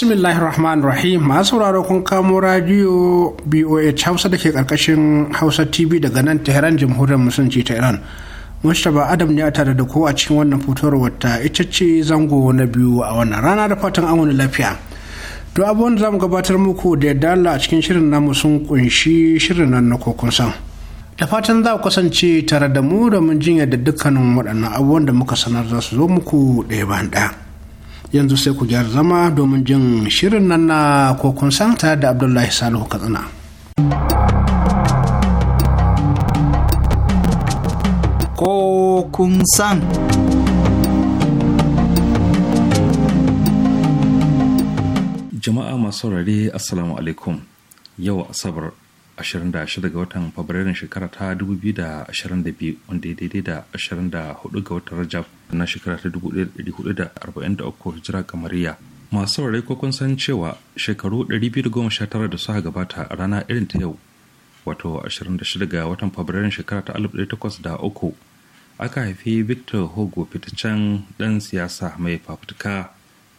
bismillahir rahmanir rahim masu sauraro kun kamo radio boh hausa da ke karkashin hausa tv daga nan tehran jamhuriyar musulunci ta iran mustapha adam ne a tare da a cikin wannan fitowar wata ita ce zango na biyu a wannan rana da fatan an lafiya to abubuwan da zamu gabatar muku da yadda Allah a cikin shirin namu sun kunshi shirin nan na kokon san da fatan za ku kasance tare da mu da mun jinya da dukkanin waɗannan abubuwan da muka sanar za su zo muku ɗaya bayan ɗaya yanzu sai ku gyara zama domin jin shirin nan na kokon santa da abdullahi salihu katsina kokun san jama'a masu rari assalamu alaikum yau asabar 26 ga watan fabrairun shekara ta 2022 wanda ya daidai da 24 ga watan rajab na shekara ta 1443 hijira kamariya masu saurari ko kun san cewa shekaru 219 da suka gabata a rana irin ta yau wato 26 ga watan fabrairun shekara ta 1803 aka haifi victor hugo fitaccen dan siyasa mai fafutuka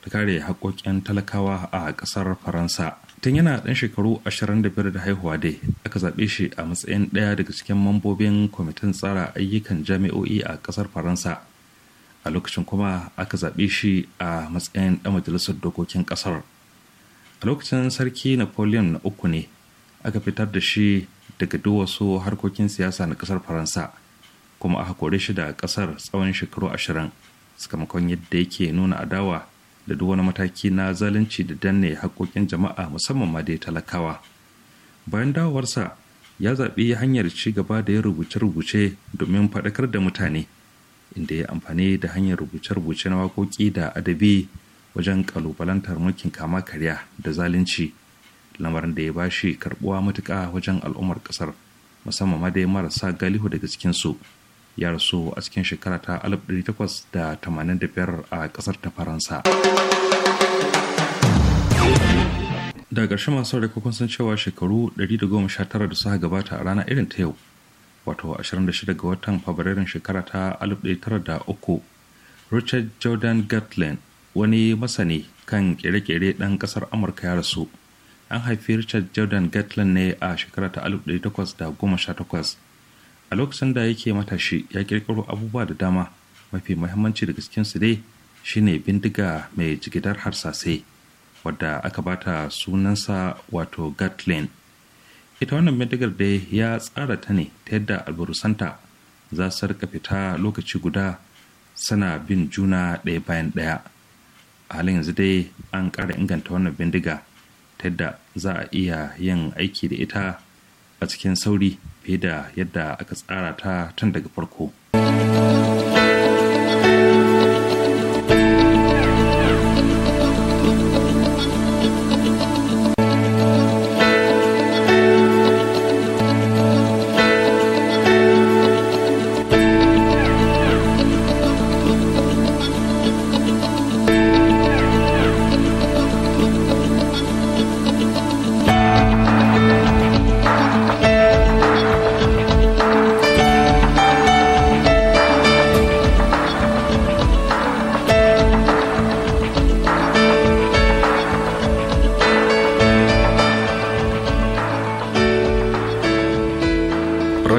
ta kare haƙoƙin talakawa a ƙasar faransa tun yana ɗan shekaru 25 da haihuwa dai aka zaɓe shi a matsayin ɗaya daga cikin mambobin kwamitin tsara ayyukan jami'o'i a ƙasar faransa a lokacin kuma aka zaɓe shi a matsayin ɗan majalisar dokokin ƙasar a lokacin sarki napoleon na uku ne aka fitar da shi daga duwatsu harkokin siyasa na ƙasar faransa kuma aka kore shi da ƙasar tsawon shekaru ashirin sakamakon yadda yake nuna adawa da duk wani mataki na zalunci da danne haƙoƙin jama'a musamman ma dai talakawa bayan dawowarsa ya zaɓi hanyar ci gaba da ya rubuce-rubuce domin faɗakar da mutane inda ya amfani da hanyar rubuce-rubuce na waƙoƙi da adabi wajen ƙalubalantar mulkin kama karya da zalunci lamarin da ya bashi karɓuwa matuƙa wajen al'ummar ƙasar musamman ma dai marasa galihu daga cikinsu su ya rasu a cikin shekara ta 1885 a kasar ta faransa daga ƙarshe masu rikakon san cewa shekaru 119 da suka gabata a rana irin ta yau wato 26 ga watan fabrairun shekara ta 1903 richard jordan gatlin wani masani kan kere-kere ɗan ƙasar amurka ya rasu an haifi richard jordan gatlin ne a shekara ta 1818 a lokacin da yake matashi ya kirkiro abubuwa da dama mafi muhimmanci da su dai shine bindiga mai jigidar harsasai wadda aka bata sunansa wato gatlin ita wannan bindigar dai ya tsara ta ne ta yadda alburusanta za su rika fita lokaci guda suna bin juna ɗaya bayan ɗaya a halin yanzu dai an ƙara inganta wannan bindiga ta yadda za a iya yin aiki da ita a cikin sauri fiye da yadda aka tsara ta tun daga farko.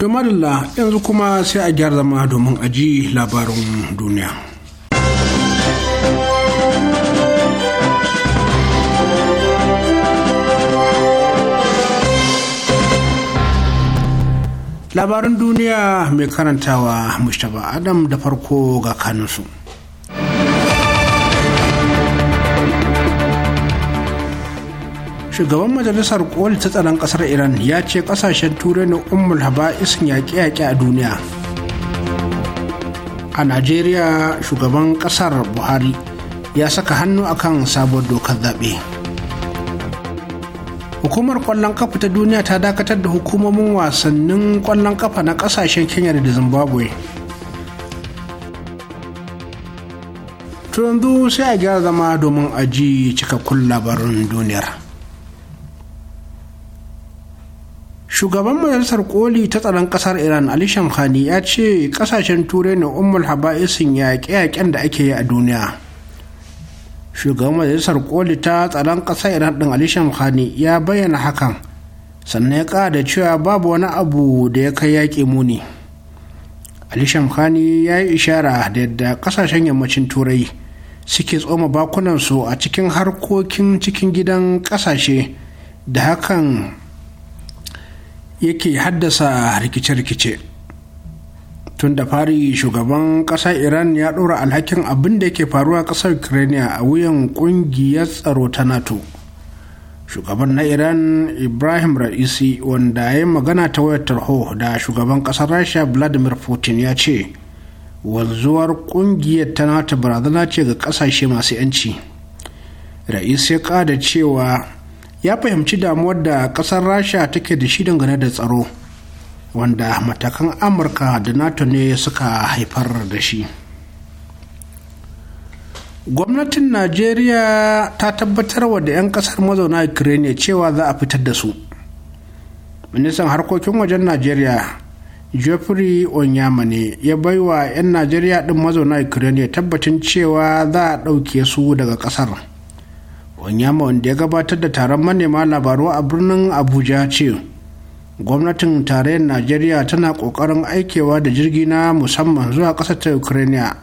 To madalla yanzu kuma sai a gyara zama domin a ji labarin duniya. Labarin duniya mai karantawa Mustapha Adam da farko ga kanunsu. shugaban majalisar koli ta tsaron kasar iran ya ce kasashen turai na ummul haba'isin yaƙe yaƙi a duniya a najeriya shugaban kasar buhari ya saka hannu akan sabon dokar zaɓe hukumar kwallon kafa ta duniya ta dakatar da hukumomin wasannin kwallon kafa na kasashen kenya da zimbabwe Tun yanzu sai a gyara zama domin a aji cikakkun labarin duniyar. shugaban majalisar koli ta tsaron kasar iran ali shamkhani ya ce kasashen turai na ummul haba'isin yaƙe-yaƙen da ake yi a duniya shugaban majalisar koli ta tsaron kasar iran ɗin ali shamkhani ya bayyana hakan sannan ya ƙara da cewa babu wani abu da ya kai yaƙi muni ali shamkhani ya yi ishara da yadda kasashen yammacin turai suke tsoma bakunansu a cikin harkokin cikin gidan kasashe da hakan yake haddasa rikice-rikice tun da fari shugaban ƙasar iran ya ɗora alhakin abin da ke faruwa ƙasar ukraine a wuyan ƙungiyar tsaro ta nato shugaban na iran ibrahim ra'isi wanda ya magana ta wayar tarho da shugaban ƙasar rasha vladimir putin ya ce wanzuwar ƙungiyar ta nato barazana ce ga ƙasashe masu 'yanci ra'isi ya ƙada cewa ya fahimci damuwar da ƙasar rasha take da shi dangane da tsaro wanda matakan amurka da nato ne suka haifar da shi gwamnatin najeriya ta tabbatar wa da 'yan kasar mazauna ukraine cewa za a fitar da su ministan harkokin wajen najeriya geoffrey onyama ne ya baiwa 'yan najeriya din mazauna ukraine tabbatin cewa za a ɗauke su daga ƙasar onyama wanda ya gabatar da taron manema labaru a birnin abuja ce gwamnatin tarayyar najeriya tana kokarin aikewa da jirgi na musamman zuwa ƙasar ta Ukraina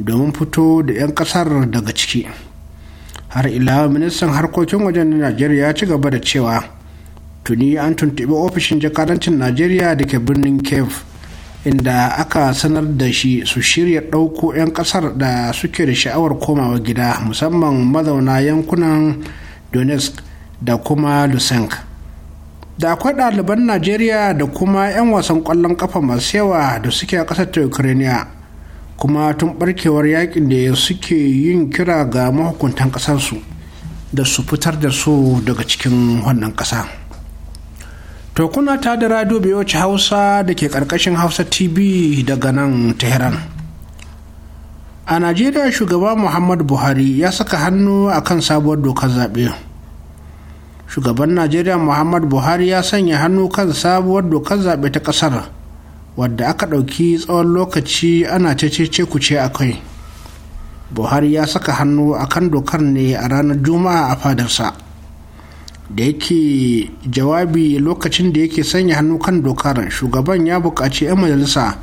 domin fito da 'yan ƙasar daga ciki har ila ministan harkokin wajen najeriya ya ci gaba da cewa tuni an tuntuɓi ofishin jakadancin najeriya da ke birnin cave inda aka sanar da shi su shirya ɗauko 'yan ƙasar da suke da sha'awar komawa gida musamman mazauna yankunan donetsk da kuma lusank da akwai ɗaliban najeriya da kuma 'yan wasan ƙwallon ƙafa masu yawa da suke a ƙasar ta ukraine kuma tun ɓarkewar yakin da suke yin kira ga mahukuntan ƙasarsu da su fitar da su daga cikin wannan ƙasa. To kuna ta da radio Biyoci Hausa da ke ƙarƙashin Hausa TV daga nan Tehran. A Najeriya shugaba Muhammadu Buhari ya saka hannu a kan sabuwar dokar zaɓe. Shugaban Najeriya Muhammadu Buhari ya sanya hannu kan sabuwar dokar zaɓe ta ƙasar wadda aka ɗauki tsawon lokaci ana cece kuce a kai. Buhari ya saka hannu a kan dokar ne a ranar Juma'a a fadarsa. da yake jawabi lokacin da yake sanya hannu kan dokar shugaban ya buƙaci 'yan majalisa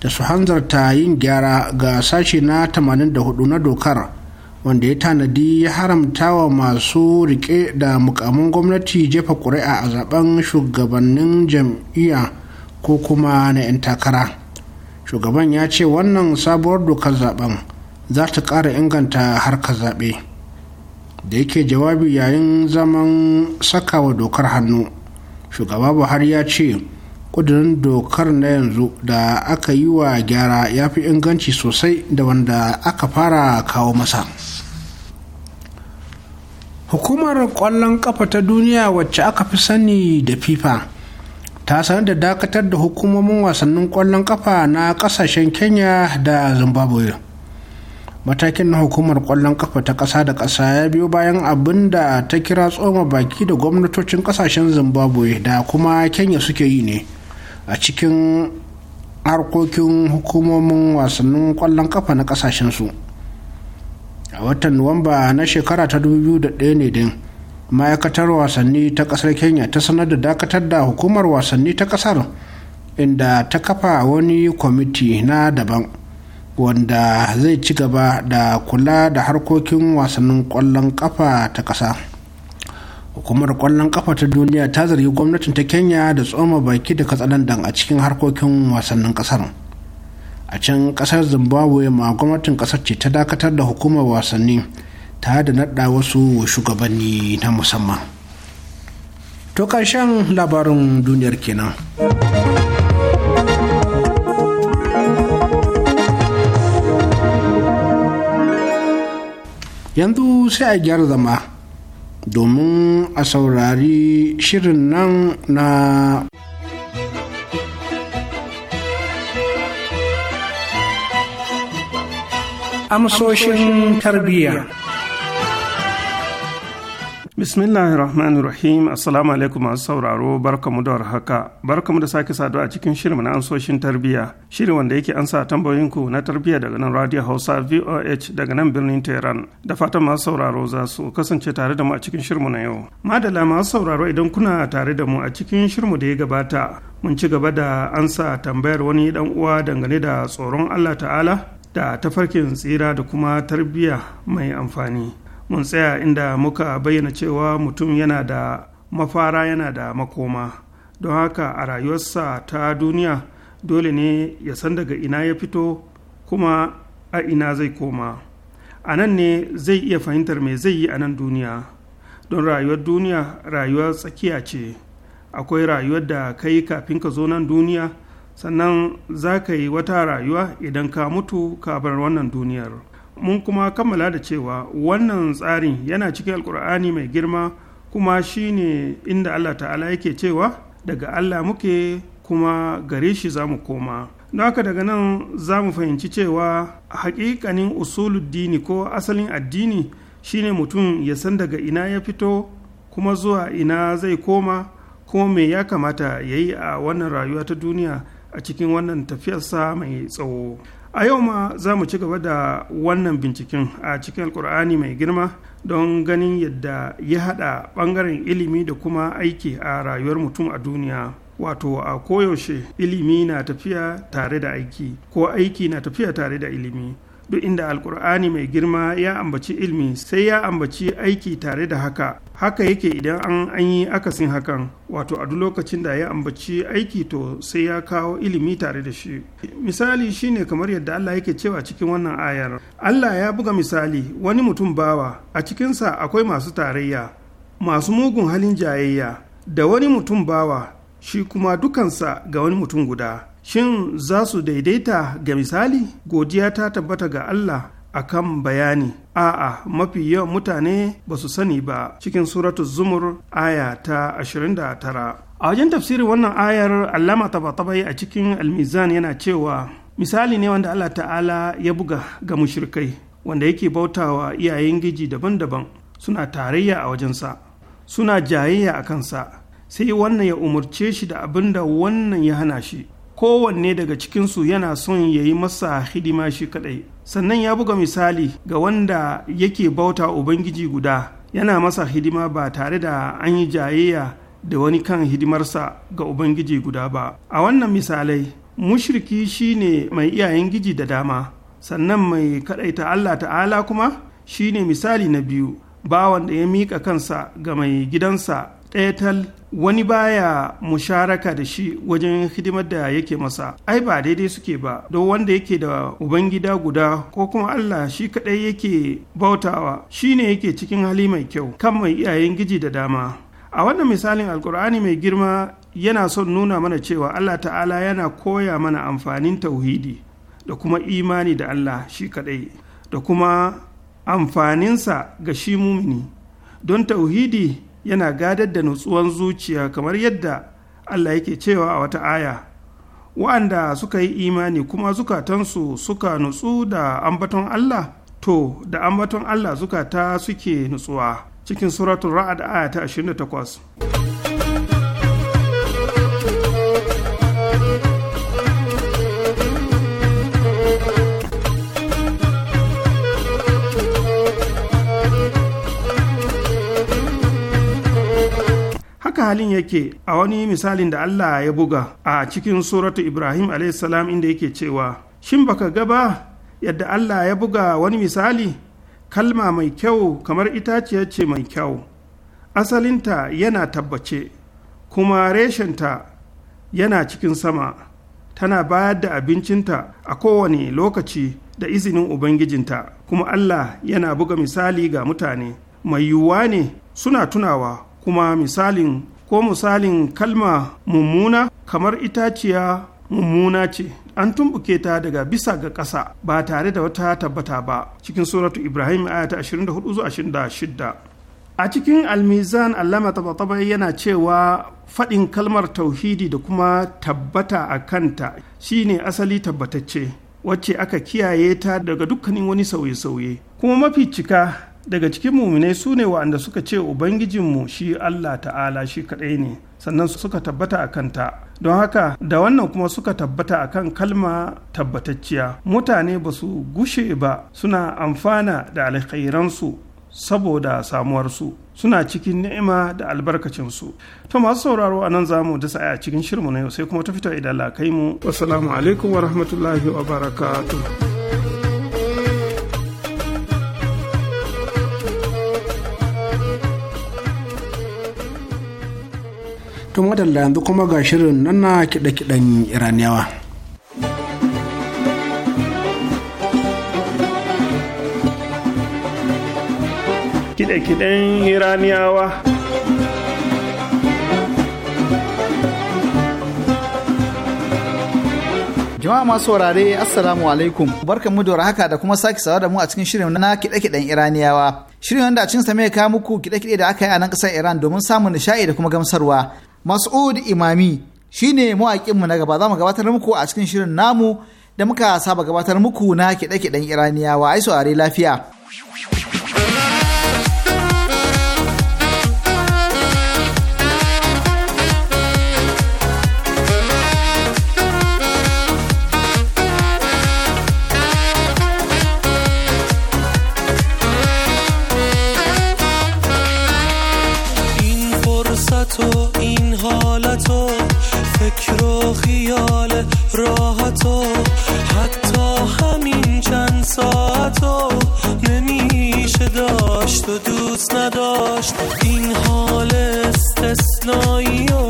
da su hanzarta yin gyara ga sashe na 84 na dokar wanda ya tanadi ya haramta wa masu rike da mukamin gwamnati jefa ƙuri'a a zaben shugabannin jam'iyya ko kuma na 'yan takara shugaban ya ce wannan sabuwar dokar zaben za ta ƙara inganta harkar zaɓe. da yake jawabi yayin zaman sakawa dokar hannu shugaba buhari ya ce kudurin dokar na yanzu da aka yi wa gyara ya fi inganci sosai da wanda aka fara kawo masa hukumar kwallon kafa ta duniya wacce aka fi sani da fifa ta sanar da dakatar da hukumomin wasannin kwallon kafa na kasashen kenya da zimbabwe matakin na hukumar kwallon kafa ta ƙasa da ƙasa ya biyo bayan abin da ta kira tsoma baki da gwamnatocin ƙasashen zimbabwe da kuma kenya suke yi ne a cikin harkokin hukumomin wasannin kwallon kafa na ƙasashensu a watan nuwamba na shekara ta 2001 ne din ma'aikatar wasanni ta ƙasar kenya ta sanar da dakatar da hukumar wasanni ta ƙasar inda ta kafa wani kwamiti na daban wanda zai ci gaba da kula da harkokin wasannin kwallon kafa ta ƙasa hukumar kwallon kafa ta duniya ta zargi gwamnatin ta kenya da tsoma baki da katsalandan a cikin harkokin wasannin ƙasar a can ƙasar zimbabwe ma gwamnatin ƙasar ce ta dakatar da hukumar wasanni ta da naɗa wasu shugabanni na musamman to ƙarshen labarin duniyar kenan. yanzu sai a gyara zama domin a saurari shirin nan na amsoshin tarbiyya Bismillahirrahmanirrahim Assalamu alaikum masu sauraro barkamu da warhaka barkamu da sake saduwa a cikin shirin na ansoshin tarbiyya shirin wanda yake ansa tambayoyinku na tarbiyya daga nan Radio Hausa VOH daga nan birnin Tehran da fatan masu sauraro za su kasance tare da mu a cikin shirin na yau. Madala masu sauraro idan kuna tare da mu a cikin shirinmu da ya gabata mun ci gaba da ansa tambayar wani dan uwa dangane da tsoron Allah Ta'ala da tafarkin tsira da kuma tarbiyya mai amfani. mun tsaya inda muka bayyana cewa mutum yana da mafara yana da makoma don haka a rayuwarsa ta duniya dole ne ya san daga ina ya fito kuma a ina zai koma a nan ne zai iya fahimtar me zai yi a nan duniya don rayuwar duniya rayuwar tsakiya ce akwai rayuwar da ka yi kafin ka zo nan duniya sannan za ka yi wata rayuwa idan ka mutu ka bar wannan duniyar mun kuma kammala da cewa wannan tsarin yana cikin alkur'ani mai girma kuma shine inda allah ta'ala yake cewa daga allah muke kuma gare shi za mu koma don haka daga nan za mu fahimci cewa hakikanin usuluddini ko asalin addini shine mutum ya san daga ina ya fito kuma zuwa ina zai koma kuma me ya kamata ya yi a wannan rayuwa ta duniya a cikin wannan tafiyarsa mai tsawo a yau ma za mu ci gaba da wannan binciken a cikin alkur'ani mai girma don ganin yadda ya haɗa bangaren ilimi da kuma aiki a rayuwar mutum a duniya wato a koyaushe ilimi na tafiya tare da aiki ko aiki na tafiya tare da ilimi duk inda alkur'ani mai girma ya ambaci ilimi sai ya ambaci aiki tare da haka haka yake idan an an yi akasin hakan wato a duk lokacin da ya ambaci aiki to sai ya kawo ilimi tare da shi misali shine kamar yadda Allah yake cewa cikin wannan ayar Allah ya buga misali wani mutum bawa a cikinsa akwai masu tarayya masu mugun halin jayayya da wani mutum bawa shi kuma dukansa ga wani mutum guda shin za su daidaita ga misali godiya ta tabbata ga Allah akan bayani a'a mafi yawan mutane ba su sani ba cikin suratu zumur aya ta 29 a wajen tafsirin wannan ayar allama tabatabai a cikin almizan yana cewa misali ne wanda allah ta'ala ya buga ga mushrikai wanda yake bautawa iyayen giji daban-daban suna tarayya a wajensa suna jayayya a kansa sai wannan ya umarce shi da abin da wannan ya hana shi kowanne daga cikinsu yana son ya yi masa hidima shi kadai sannan ya buga misali ga wanda yake bauta ubangiji guda yana masa hidima ba tare da an yi jayayya da wani kan hidimarsa ga ubangiji guda ba a wannan misalai mushriki shine mai iyayen giji da dama sannan mai kadaita allah ta'ala kuma shine misali na biyu bawan da ya mika kansa ga mai gidansa ɗaya wani baya musharaka da shi wajen hidimar da yake masa ai ba daidai suke ba don wanda yake da ubangida guda ko kuma Allah shi kadai yake bautawa shine yake cikin hali mai kyau kan mai iyayen giji da dama a wannan misalin alkur'ani mai girma yana son nuna mana cewa Allah ta'ala yana koya mana amfanin tauhidi da kuma imani da Allah shi kadai da kuma amfaninsa ga shi mumini don tauhidi yana gadar da nutsuwan zuciya kamar yadda Allah yake cewa a wata aya wa'anda suka yi imani kuma zukatansu suka nutsu da ambaton Allah to da ambaton Allah zukata suke nutsuwa cikin suratun ra'ad aya ta 28 halin yake a wani misalin da Allah ya buga a cikin suratu Ibrahim salam inda yake cewa shin baka gaba yadda Allah ya buga wani misali kalma mai kyau kamar itaciya ce mai kyau asalinta yana tabbace kuma reshenta yana cikin sama tana bayar da abincinta a kowane lokaci da izinin ubangijinta kuma Allah yana buga misali ga mutane mai yiwuwa ne suna tunawa kuma misalin ko misalin kalma mummuna kamar itaciya mummuna ce an tumbuke ta daga bisa ga ƙasa ba tare da wata tabbata ba cikin suratu ibrahim aya 24 26 a cikin almizan allama taba yana cewa faɗin kalmar tauhidi da kuma tabbata a kanta shine asali tabbatacce wacce aka kiyaye ta daga dukkanin wani sauye-sauye kuma mafi cika daga cikin muminai su ne wa'anda suka ce ubangijinmu shi allah ta'ala shi kaɗai ne sannan suka tabbata a kanta don haka da wannan kuma suka tabbata a kan kalma tabbatacciya mutane ba su gushe ba suna amfana da alkhairansu saboda samuwarsu suna cikin ni'ima da albarkacinsu to masu sauraro a nan za mu dasa a cikin shirmu na yau sai kuma ta fito idan la kai mu alaikum wa rahmatullahi wa barakatuh to madalla yanzu kuma ga shirin nan na kiɗe-kiɗen iraniyawa kiɗe-kiɗen iraniyawa jama'a masu wurare assalamu alaikum barkan mu da haka da kuma sake sawa da mu a cikin shirin na kiɗe-kiɗen iraniyawa shirin wanda a cikin sa mai kawo muku kiɗe-kiɗe da aka yi a nan ƙasar iran domin samun nishaɗi da kuma gamsarwa Mas'ud Imami shi ne mawaƙinmu na gaba za mu gabatar muku a cikin shirin namu da muka saba gabatar muku na kiɗe-kiɗen Iraniyawa ai saurari lafiya. خیال راحت و حتی همین چند ساعت و نمیشه داشت و دوست نداشت این حال استثنایی و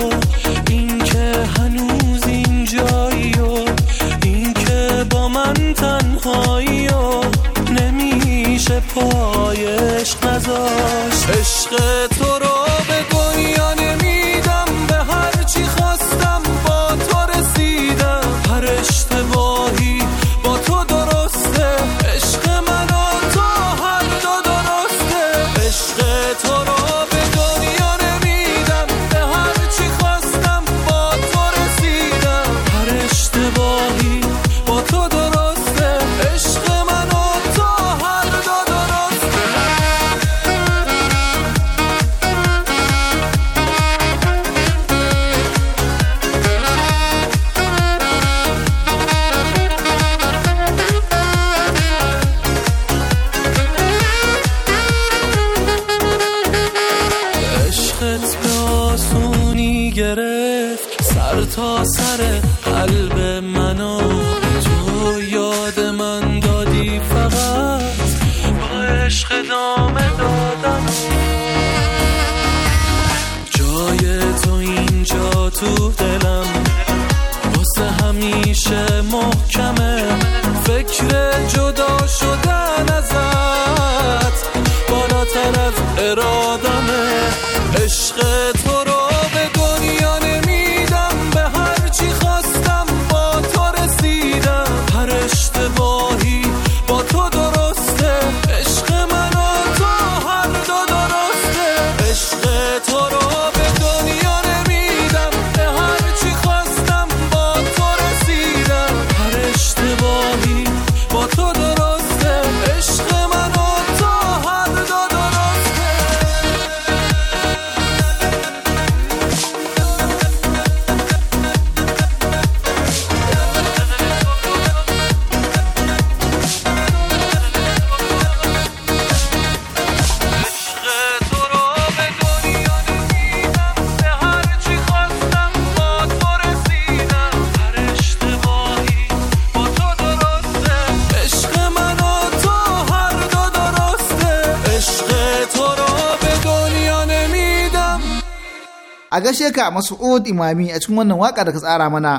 a gaishe ka Mas'ud Imami a cikin wannan waka da ka tsara mana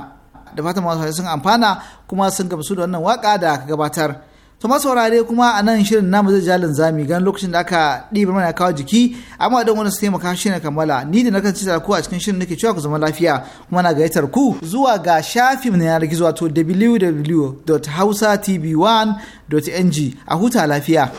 da fatan masu sun amfana kuma sun gamsu da wannan waka da ka gabatar to masu saurare kuma a nan shirin namu zai jalin zami gan lokacin da aka ɗiba mana kawo jiki amma don wani su taimaka shi na kammala ni da nakan da ku a cikin shirin nake cewa ku zama lafiya kuma na gayyatar ku zuwa ga shafin na yanar gizo wato www.hausatv1.ng a huta lafiya.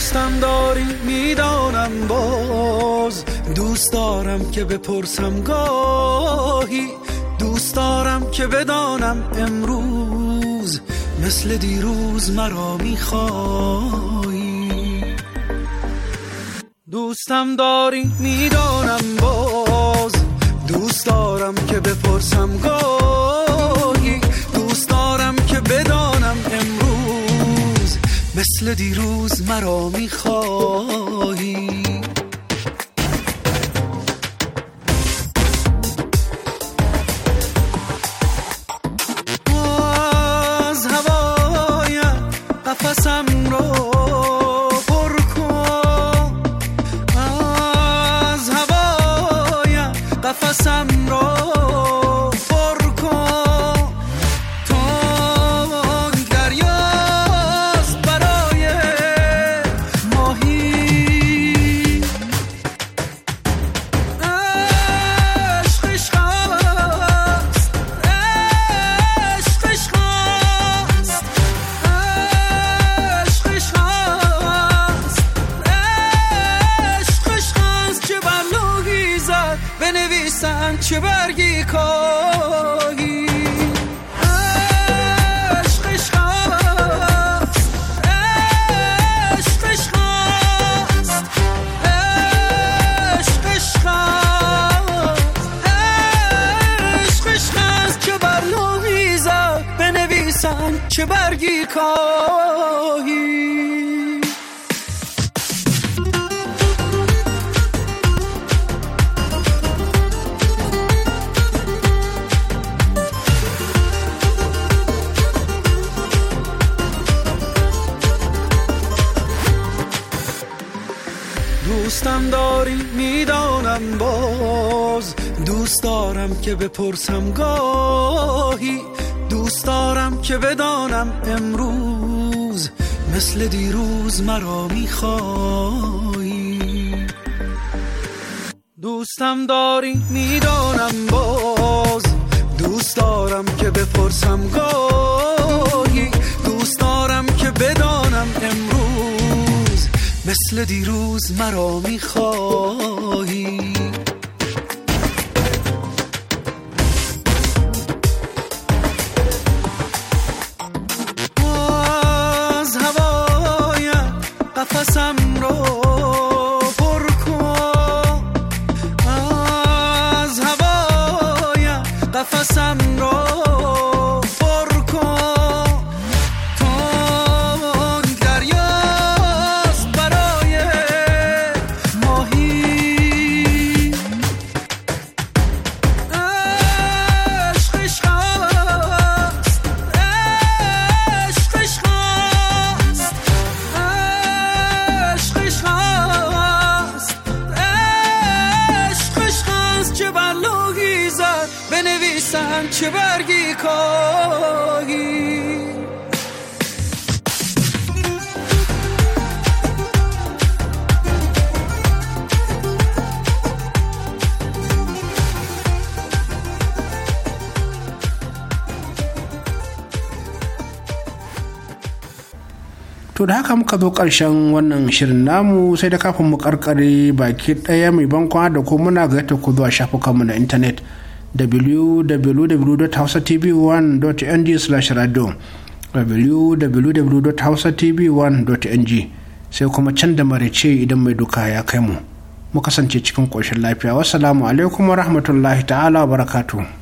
دوستم داری میدانم باز دوست دارم که بپرسم گاهی دوست دارم که بدانم امروز مثل دیروز مرا میخوای دوستم داری میدانم باز دوست دارم که بپرسم گاهی مثل دیروز مرا میخواهی که بپرسم گاهی دوست دارم که بدانم امروز مثل دیروز مرا میخوای دوستم داری میدانم باز دوست دارم که بپرسم گاهی دوست دارم که بدانم امروز مثل دیروز مرا میخوای چه برگی کاهی To da haka muka zo ƙarshen wannan shirin namu sai da kafin mu karkare baki ɗaya mai bankwa da ko muna ta ku zuwa shafukanmu na intanet. www.hausatv1.ng/radio www.hausatv1.ng sai kuma can da marice idan mai duka ya kai mu mu kasance cikin ƙoshin lafiya wasu alaikum wa rahmatullahi ta'ala wa barakatuhu